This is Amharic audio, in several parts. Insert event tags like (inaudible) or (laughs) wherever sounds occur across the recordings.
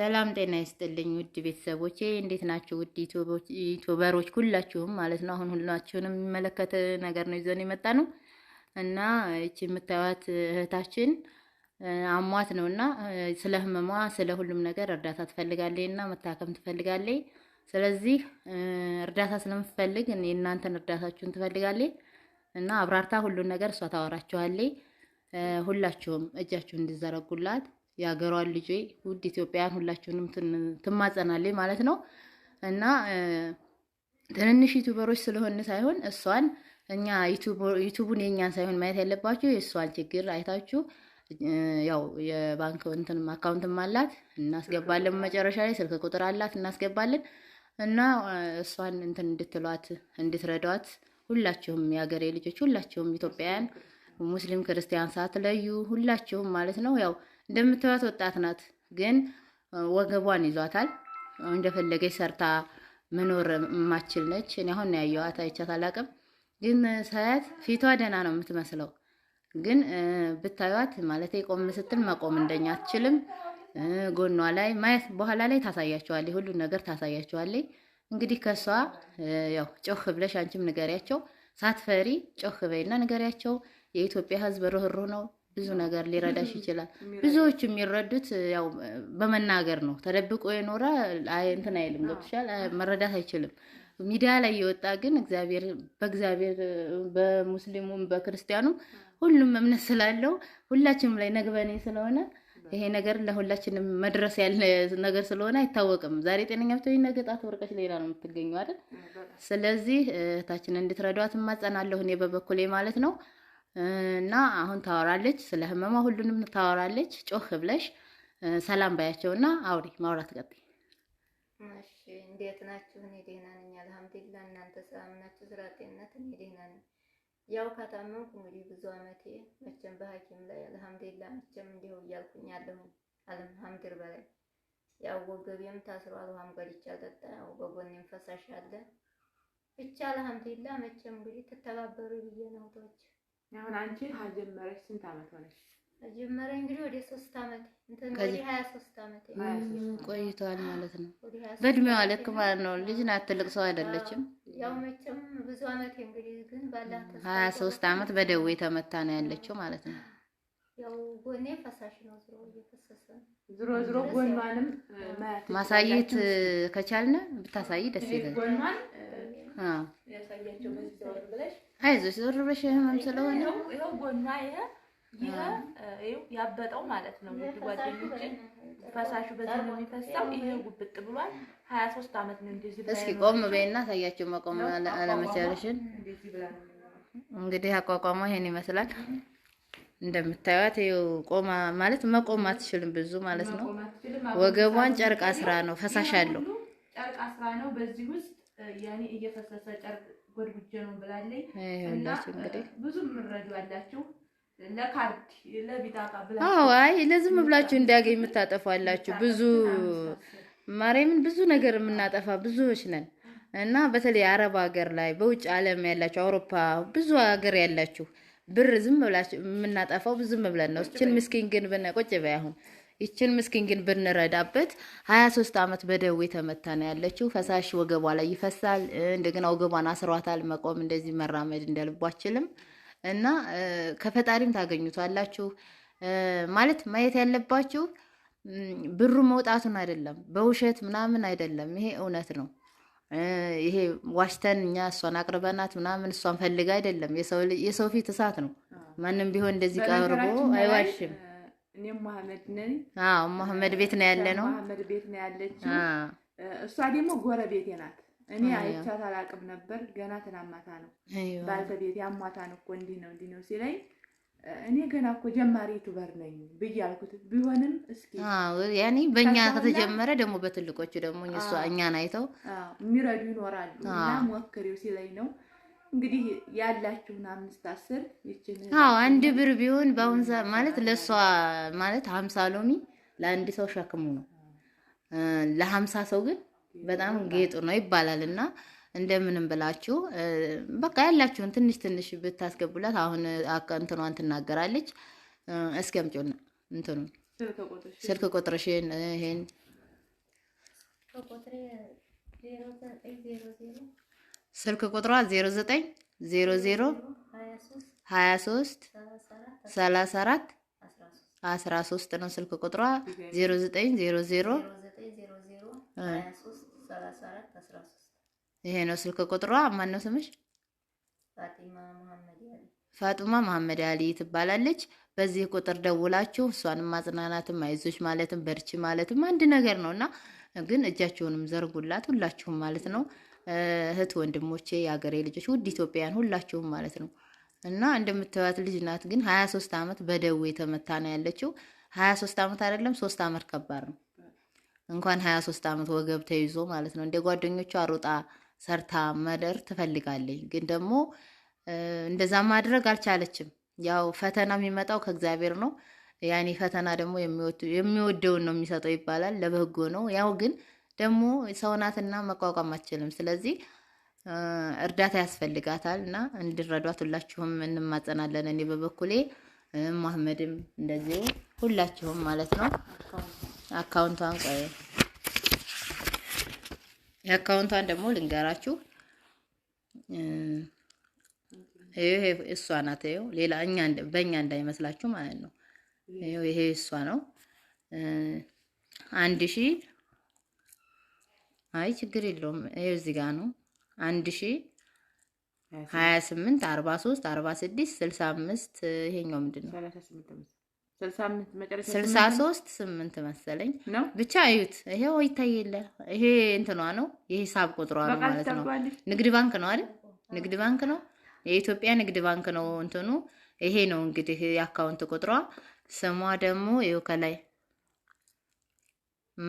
ሰላም ጤና ይስጥልኝ ውድ ቤተሰቦቼ እንዴት ናቸው ውድ ዩቱበሮች ሁላችሁም ማለት ነው። አሁን ሁላችሁንም የሚመለከት ነገር ነው ይዘን የመጣ ነው እና ይቺ የምታዩት እህታችን አሟት ነው እና ስለ ህመሟ ስለ ሁሉም ነገር እርዳታ ትፈልጋለች እና መታከም ትፈልጋለች። ስለዚህ እርዳታ ስለምትፈልግ የእናንተን እርዳታችሁን ትፈልጋለች እና አብራርታ ሁሉን ነገር እሷ ታወራችኋለች። ሁላችሁም እጃችሁን እንዲዘረጉላት የሀገሯን ልጅ ውድ ኢትዮጵያውያን ሁላችሁንም ትማጸናለች ማለት ነው። እና ትንንሽ ዩቱበሮች ስለሆን ሳይሆን እሷን እኛ ዩቱቡን የእኛን ሳይሆን ማየት ያለባችሁ የእሷን ችግር አይታችሁ ያው የባንክ እንትን አካውንትም አላት እናስገባለን። መጨረሻ ላይ ስልክ ቁጥር አላት እናስገባለን። እና እሷን እንትን እንድትሏት እንድትረዷት ሁላችሁም የሀገሬ ልጆች ሁላችሁም ኢትዮጵያውያን ሙስሊም ክርስቲያን ሳትለዩ ሁላችሁም ማለት ነው ያው እንደምትሏት ወጣት ናት፣ ግን ወገቧን ይዟታል። እንደፈለገች ሰርታ መኖር የማችል ነች። እኔ አሁን ያየኋት አይቻት አላቅም፣ ግን ሳያት ፊቷ ደህና ነው የምትመስለው። ግን ብታዩት ማለት ቆም ስትል መቆም እንደኛ አትችልም። ጎኗ ላይ ማየት በኋላ ላይ ታሳያቸዋለች፣ ሁሉ ነገር ታሳያቸዋለች። እንግዲህ ከሷ ያው ጮህ ብለሽ አንቺም ንገሪያቸው፣ ሳትፈሪ ጮህ በይና ንገሪያቸው። የኢትዮጵያ ሕዝብ ርህሩህ ነው። ብዙ ነገር ሊረዳሽ (laughs) ይችላል። ብዙዎቹ የሚረዱት ያው በመናገር ነው። ተደብቆ የኖረ እንትን አይልም፣ ገብቶሻል? መረዳት አይችልም። ሚዲያ ላይ የወጣ ግን እግዚአብሔር በእግዚአብሔር በሙስሊሙም በክርስቲያኑም ሁሉም እምነት ስላለው ሁላችንም ላይ ነግበኔ ስለሆነ ይሄ ነገር ለሁላችንም መድረስ ያለ ነገር ስለሆነ አይታወቅም። ዛሬ ጤነኛ ብትሆኝ ነገ ጣት ወርቀች ሌላ ነው የምትገኙ አይደል? ስለዚህ እህታችን እንድትረዷት እማጸናለሁ እኔ በበኩሌ ማለት ነው። እና አሁን ታወራለች፣ ስለ ህመማ ሁሉንም ታወራለች። ጮህ ብለሽ ሰላም ባያቸውና አውሪ፣ ማውራት ቀጥይ። እሺ፣ እንዴት ናችሁ? እኔ ደህና ነኝ አልሐምዱሊላህ። እናንተ ሰላም ናችሁ? ስራ፣ ጤንነት? እኔ ደህና ነኝ። ያው ከታመምኩ እንግዲህ ብዙ አመቴ መቼም በሐኪም ላይ አልሐምዱሊላህ መቼም እንዲሁ እያልኩኝ ያለሁ አልሐምዱል በላይ ያው ወገቤም ታስሯል። ውሃም ገድቼ አልጠጣ ያው በጎኔም ፈሳሽ አለ ብቻ አልሐምዱሊላህ መቼም እንግዲህ ትተባበሩ ብዬ ነው ቶች አሁን አንቺ ሀጀመረች ስንት አመት ሆነች? ጀመረ እንግዲህ ወደ ሶስት ዓመት ሀያ ሶስት ዓመት ቆይተዋል ማለት ነው። በእድሜዋ አለክ ማለት ነው። ልጅ ናት፣ ትልቅ ሰው አይደለችም። ያው መቼም ብዙ አመት እንግዲህ ግን ባላ ሀያ ሶስት ዓመት በደዌ ተመታ ነው ያለችው ማለት ነው። ያው ጎኔ ፈሳሽ ነው፣ ዝሮ እየፈሰሰ ዝሮ ዝሮ ጎኗንም ማሳየት ከቻልን ብታሳይ ደስ ይላል። አይዞሽ ዞር ብለሽ ህመም ስለሆነ ይኸው ጎኗ ይኸው ያበጠው ማለት ነው። ውድ ጓደኞቼ ፈሳሹ በዚህ ነው የሚፈሳው። ይሄ ጉብጥ ብሏል። ሀያ ሶስት አመት ነው እንደዚህ እስኪ ቆም በይና ታያቸው መቆም አለመቻለሽን እንግዲህ አቋቋሟ ይሄን ይመስላል። እንደምታዩት ይኸው ቆማ ማለት መቆም አትችልም ብዙ ማለት ነው። ወገቧን ጨርቅ አስራ ነው ፈሳሽ አለው ጨርቅ አስራ ነው በዚህ ውስጥ ያኔ እየፈሰሰ ጨርቅ ጎድጉጀ ነው ብላለኝ እና ብዙ ምረዱ አላችሁ ለካርድ ለቢጣቃ ብላ አይ ለዝም ብላችሁ እንዲያገኝ አላችሁ ብዙ ማርያምን ብዙ ነገር የምናጠፋ ብዙዎች ነን እና በተለይ አረብ ሀገር ላይ በውጭ ዓለም ያላችሁ አውሮፓ ብዙ ሀገር ያላችሁ ብር ዝም ብላችሁ የምናጠፋው ዝም ብለን ነው። እችን ምስኪን ግን ብነ ቁጭ በይ አሁን ይችን ምስኪን ግን ብንረዳበት ሀያ ሶስት ዓመት በደዌ ተመታ ነው ያለችው። ፈሳሽ ወገቧ ላይ ይፈሳል። እንደገና ወገቧን አስሯታል። መቆም እንደዚህ መራመድ እንደልቧ አችልም እና ከፈጣሪም ታገኙታላችሁ። ማለት ማየት ያለባችሁ ብሩ መውጣቱን አይደለም፣ በውሸት ምናምን አይደለም። ይሄ እውነት ነው። ይሄ ዋሽተን እኛ እሷን አቅርበናት ምናምን እሷን ፈልግ አይደለም። የሰው ፊት እሳት ነው። ማንም ቢሆን እንደዚህ ቀርቦ አይዋሽም። እኔም መሀመድ ነኝ። አዎ መሀመድ ቤት ነው ያለ ነው መሀመድ ቤት ነው እሷ ደግሞ ጎረቤቴ ናት። እኔ አይቻት ነበር። ገና ትናንት ነው ባልተቤት እኮ እንዲህ ነው እንዲህ ነው ሲለኝ እኔ ገና እኮ ጀማሪ ዩቱበር ነኝ ብዬ አልኩት። ቢሆንም እስኪ ያኔ በእኛ ከተጀመረ ደግሞ በትልቆቹ ደግሞ እኛን አይተው የሚረዱ ይኖራሉ እና ሞክሪው ሲለኝ ነው እንግዲህ ያላችሁን አምስት አስር ይችን አንድ ብር ቢሆን በአሁን ሰዓት ማለት ለእሷ ማለት ሀምሳ ሎሚ ለአንድ ሰው ሸክሙ ነው፣ ለሀምሳ ሰው ግን በጣም ጌጡ ነው ይባላል እና እንደምንም ብላችሁ በቃ ያላችሁን ትንሽ ትንሽ ብታስገቡላት። አሁን እንትኗን ትናገራለች። እስኪ እንትኑ ስልክ ቁጥርሽን ይሄን ስልክ ቁጥሯ 09 00 23 34 13 ነው። ስልክ ቁጥሯ 09 00 ይሄ ነው ስልክ ቁጥሯ። ማን ነው ስምሽ? ፋጡማ መሐመድ አሊ ትባላለች። በዚህ ቁጥር ደውላችሁ እሷንም ማጽናናትም አይዞች ማለትም በርቺ ማለትም አንድ ነገር ነው እና ግን እጃችሁንም ዘርጉላት ሁላችሁም ማለት ነው። እህት ወንድሞቼ፣ የአገሬ ልጆች፣ ውድ ኢትዮጵያውያን ሁላችሁም ማለት ነው እና እንደምታዩት ልጅ ናት። ግን ሀያ ሶስት አመት በደዌ የተመታ ነው ያለችው። ሀያ ሶስት አመት አይደለም ሶስት አመት ከባድ ነው። እንኳን ሀያ ሶስት አመት ወገብ ተይዞ ማለት ነው። እንደ ጓደኞቿ አሮጣ ሰርታ መደር ትፈልጋለች። ግን ደግሞ እንደዛ ማድረግ አልቻለችም። ያው ፈተና የሚመጣው ከእግዚአብሔር ነው። ያኔ ፈተና ደግሞ የሚወደውን ነው የሚሰጠው ይባላል። ለበጎ ነው ያው ግን ደግሞ ሰውናትና መቋቋም አትችልም። ስለዚህ እርዳታ ያስፈልጋታል እና እንድረዷት ሁላችሁም እንማጸናለን። እኔ በበኩሌ ማህመድም እንደዚሁ ሁላችሁም ማለት ነው። አካውንቷን ቆይ የአካውንቷን ደግሞ ልንገራችሁ። ይሄ እሷ ናት። ሌላ እኛ በእኛ እንዳይመስላችሁ ማለት ነው። ይሄ እሷ ነው አንድ ሺህ አይ ችግር የለውም። እዚህ ጋር ነው አንድ ሺ ሀያ ስምንት አርባ ሶስት አርባ ስድስት ስልሳ አምስት ይሄኛው ምንድን ነው ስልሳ ሶስት ስምንት መሰለኝ ብቻ እዩት። ይሄው ይታየለ ይሄ እንትኗ ነው የሂሳብ ቁጥሯ ነው ማለት ነው። ንግድ ባንክ ነው አይደል? ንግድ ባንክ ነው የኢትዮጵያ ንግድ ባንክ ነው እንትኑ ይሄ ነው እንግዲህ የአካውንት ቁጥሯ። ስሟ ደግሞ ይኸው ከላይ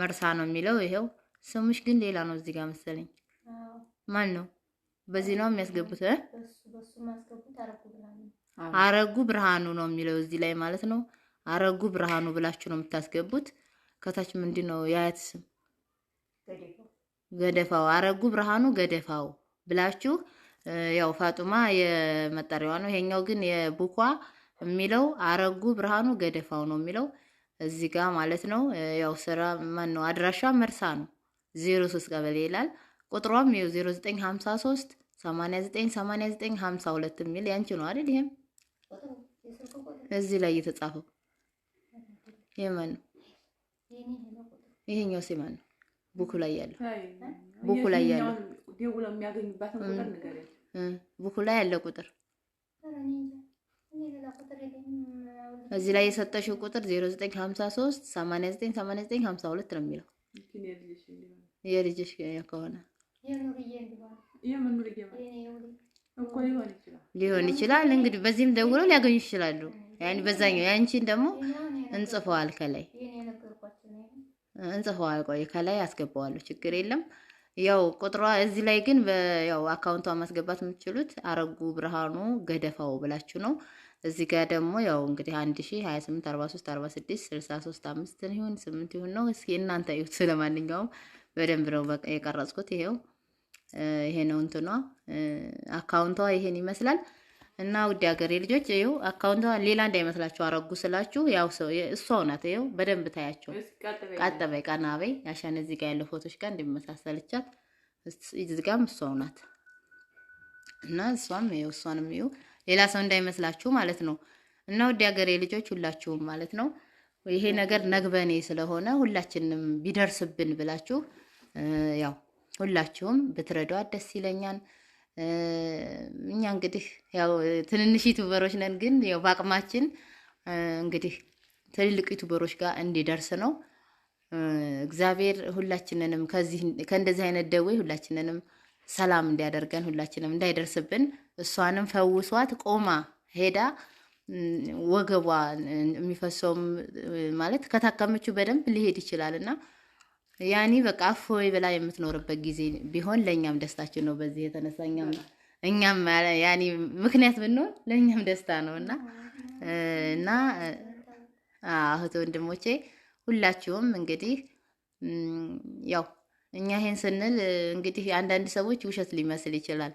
መርሳ ነው የሚለው ይሄው ስሙሽ ግን ሌላ ነው። እዚህ ጋር መሰለኝ ማን ነው? በዚህ ነው የሚያስገቡት። አረጉ ብርሃኑ ነው የሚለው እዚህ ላይ ማለት ነው። አረጉ ብርሃኑ ብላችሁ ነው የምታስገቡት። ከታች ምንድን ነው የአያት ስም? ገደፋው። አረጉ ብርሃኑ ገደፋው ብላችሁ ያው ፋጡማ የመጠሪያዋ ነው። ይሄኛው ግን የቡኳ የሚለው አረጉ ብርሃኑ ገደፋው ነው የሚለው እዚህ ጋር ማለት ነው። ያው ስራ ማን ነው? አድራሻ መርሳ ነው። 03 ቀበሌ ይላል። ቁጥሯም ይኸው 0953 898952 የሚል ያንቺ ነው አይደል? ይሄም እዚህ ላይ የተጻፈው ይሄ ማን ነው? ይሄኛው ሲማን ነው? ቡኩ ላይ ያለው ቡኩ ላይ ያለው ቡኩ ላይ ያለው ቁጥር እዚህ ላይ የሰጠሽው ቁጥር 0953 898952 ነው የሚለው የልጅሽ ከሆነ ሊሆን ይችላል እንግዲህ በዚህም ደውሎ ሊያገኙ ይችላሉ። ያን በዛኛው ያንቺን ደግሞ እንጽፈዋል ከላይ እንጽፈዋል። ቆይ ከላይ አስገባዋለሁ፣ ችግር የለም። ያው ቁጥሯ እዚህ ላይ ግን ያው አካውንቷን ማስገባት የምትችሉት አረጉ ብርሃኑ ገደፋው ብላችሁ ነው። እዚህ ጋር ደግሞ ያው እንግዲህ 1028 43 46 63 5 ይሁን 8 ይሁን ነው። እስኪ እናንተ ይሁት ስለማንኛውም በደንብ ነው በቃ የቀረጽኩት። ይሄው ይሄ ነው እንትኗ አካውንቷ ይሄን ይመስላል። እና ውድ ሀገሬ ልጆች ይኸው አካውንቷ ሌላ እንዳይመስላችሁ አረጉ ስላችሁ ያው ሰው እሷው ናት። ይኸው በደንብ ታያቸው። ቀጥበይ ቀና በይ አሻን እዚህ ጋር ያለው ፎቶች ጋር እንዲመሳሰልቻት እዚህ ጋም እሷው ናት። እና እሷም ይኸው እሷንም ይኸው ሌላ ሰው እንዳይመስላችሁ ማለት ነው። እና ውድ ሀገሬ ልጆች ሁላችሁም ማለት ነው ይሄ ነገር ነግበኔ ስለሆነ ሁላችንም ቢደርስብን ብላችሁ ያው ሁላችሁም ብትረዷት ደስ ይለኛል። እኛ እንግዲህ ያው ትንንሽ ዩቱበሮች ነን፣ ግን ያው በአቅማችን እንግዲህ ትልልቅ ዩቱበሮች ጋር እንዲደርስ ነው። እግዚአብሔር ሁላችንንም ከእንደዚህ አይነት ደዌ ሁላችንንም ሰላም እንዲያደርገን ሁላችንም እንዳይደርስብን እሷንም ፈውሷት ቆማ ሄዳ ወገቧ የሚፈሰውም ማለት ከታከመችው በደንብ ሊሄድ ይችላል እና ያኒ በቃ ፎይ ብላ የምትኖርበት ጊዜ ቢሆን ለእኛም ደስታችን ነው። በዚህ የተነሳ እኛም ያኒ ምክንያት ብንሆን ለእኛም ደስታ ነው እና እና እህት ወንድሞቼ ሁላችሁም እንግዲህ ያው እኛ ይሄን ስንል እንግዲህ አንዳንድ ሰዎች ውሸት ሊመስል ይችላል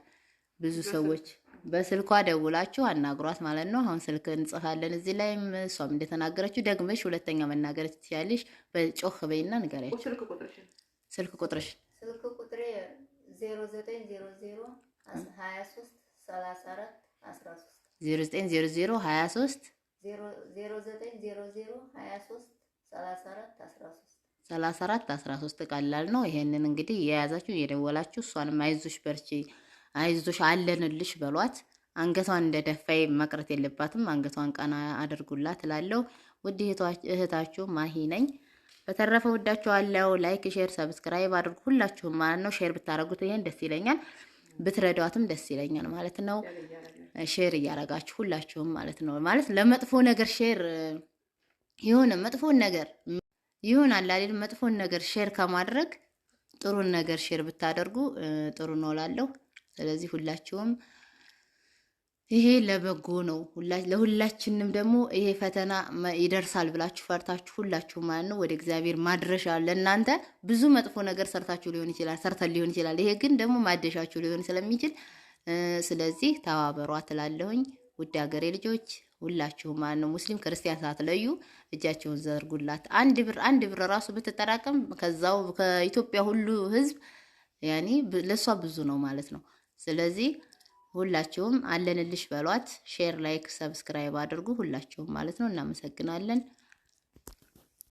ብዙ ሰዎች በስልኳ ደውላችሁ አናግሯት ማለት ነው። አሁን ስልክ እንጽፋለን እዚህ ላይ እሷም እንደተናገረችው ደግመሽ ሁለተኛ መናገር ትችያለሽ። በጮህ በይና ንገሪያቸው ስልክ ቁጥርሽ ስልክ ቁጥሬ ዜሮ ዘጠኝ ዜሮ ዜሮ ሀያ ሶስት ሰላሳ አራት አስራ ሶስት ዜሮ ዘጠኝ ዜሮ ዜሮ ሀያ ሦስት ዜሮ ዘጠኝ ዜሮ ዜሮ ሀያ ሦስት ሰላሳ አራት አስራ ሦስት ሰላሳ አራት አስራ ሦስት ቀላል ነው። ይሄንን እንግዲህ የያዛችሁ የደወላችሁ እሷንም አይዞሽ በርቺ አይዞሽ አለንልሽ በሏት። አንገቷን እንደ ደፋይ መቅረት የለባትም። አንገቷን ቀና አድርጉላት እላለሁ። ውድ እህታችሁ ማሂ ነኝ። በተረፈ ወዳችኋለሁ። ላይክ፣ ሼር፣ ሰብስክራይብ አድርጉ ሁላችሁም ማለት ነው። ሼር ብታደረጉት ይሄን ደስ ይለኛል፣ ብትረዷትም ደስ ይለኛል ማለት ነው። ሼር እያረጋችሁ ሁላችሁም ማለት ነው። ማለት ለመጥፎ ነገር ሼር የሆነ መጥፎን ነገር ይሁን አላሌል መጥፎን ነገር ሼር ከማድረግ ጥሩን ነገር ሼር ብታደርጉ ጥሩ ነው እላለሁ። ስለዚህ ሁላችሁም ይሄ ለበጎ ነው። ለሁላችንም ደግሞ ይሄ ፈተና ይደርሳል ብላችሁ ፈርታችሁ ሁላችሁ ማለት ነው ወደ እግዚአብሔር ማድረሻ ለእናንተ ብዙ መጥፎ ነገር ሰርታችሁ ሊሆን ይችላል፣ ሰርተን ሊሆን ይችላል። ይሄ ግን ደግሞ ማደሻችሁ ሊሆን ስለሚችል ስለዚህ ተባበሯ ትላለሁኝ። ውድ ሀገሬ ልጆች ሁላችሁ ማለት ነው ሙስሊም ክርስቲያን ሳትለዩ እጃቸውን ዘርጉላት። አንድ ብር አንድ ብር ራሱ ብትጠራቀም ከዛው ከኢትዮጵያ ሁሉ ህዝብ ያኔ ለእሷ ብዙ ነው ማለት ነው። ስለዚህ ሁላችሁም አለንልሽ በሏት። ሼር፣ ላይክ፣ ሰብስክራይብ አድርጉ ሁላችሁም ማለት ነው። እናመሰግናለን።